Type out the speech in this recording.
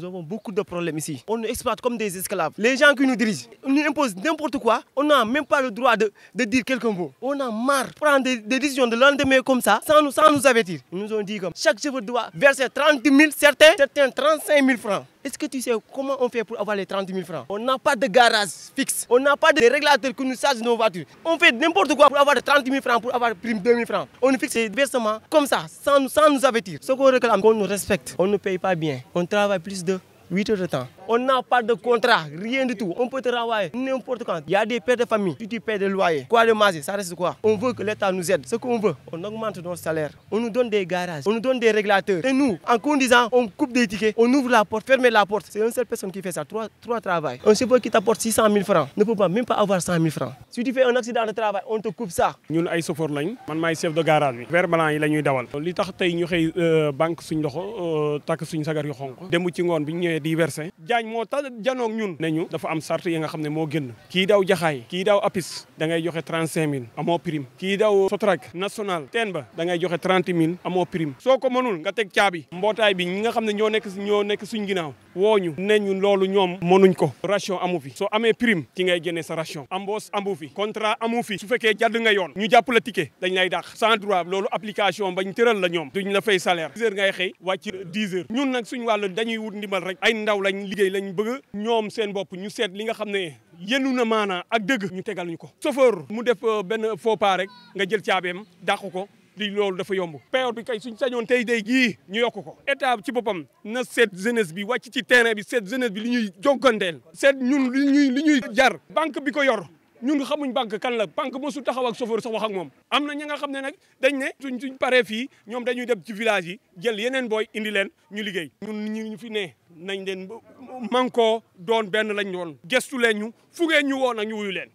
Nous avons beaucoup de problèmes ici. On nous exploite comme des esclaves. Les gens qui nous dirigent nous imposent n'importe quoi. On n'a même pas le droit de, dire quelques mots. On a marre de prendre des, décisions de lendemain comme ça, sans nous, sans nous avertir. Ils nous ont dit comme chaque jour doit verser 30 000, certains, certains 35 000 francs. Est-ce que tu sais comment on fait pour avoir les 30 000 francs On n'a pas de garage fixe. On n'a pas de régulateur qui nous charge nos voitures. On fait n'importe quoi pour avoir 30 000 francs, pour avoir prime 2 000 francs. On nous fixe les versements comme ça, sans, sans nous avertir. Ce qu'on réclame, qu'on nous respecte. On ne paye pas bien. On travaille plus வீட்டோட தான் On n'a pas de contrat, rien du tout. On peut te n'importe quand. Il y a des pères de famille, tu, te payes des loyers. Quoi de manger, ça reste quoi On veut que l'État nous aide. Ce qu'on veut, on augmente nos salaires. On nous donne des garages, on nous donne des régulateurs. Et nous, en conduisant, on coupe des tickets, on ouvre la porte, ferme la porte. C'est une seule personne qui fait ça, trois, trois travail. Un chauffeur qui t'apporte 600 000 francs ne peut pas, même pas avoir 100 000 francs. Si tu fais un accident de travail, on te coupe ça. Nous sommes man chef de garage bi. blanc yi Diagne moo ta janoog ñun ne ñu dafa am sart yi nga xam ne moo génn kii daw jaxaay kii daw apis da joxe trente-cinq mille amoo prime kii daw Sotrac national teen ba da joxe trente mille amoo prime soo ko mënul nga teg caabi mbootaay bi nga xam ne ñoo nekk suñ ginnaaw woo ñu ñu loolu ñoom mënuñ ko ration amu fi soo amee prime ci ngay génnee sa ration amboos amu fi contrat amu fi su fekkee jàdd nga yoon ñu jàpp la ticket dañ lay dàq sans liggéey lañ bëgg ñoom seen bopp ñu seet li nga xam ne yenu na maanaa ak dëgg ñu tegal ñu ko chauffeur mu def euh, benn faux pas rek nga jël caabeem dàq ko li loolu dafa yomb période bi kay suñ sañoon tey day gii ñu yokk ko état ci boppam na seet jeunesse bi wàcc ci terrain bi seet jeunesse bi li ñuy jonkanteel seet ñun li ñuy li ñuy jar banque bi ko yor ñun xamuñ banque kan la banque mosu taxaw ak chauffeur sax wax ak moom am na ñi nga xam ne nag dañ ne suñ suñ paree fii ñoom dañuy dem ci village yi jël yeneen booy indi leen ñu liggéey ñun fi ne nañ leen man koo doon benn lañ woon gestu leen ñu fu ngeen ñu woo nag ñu leen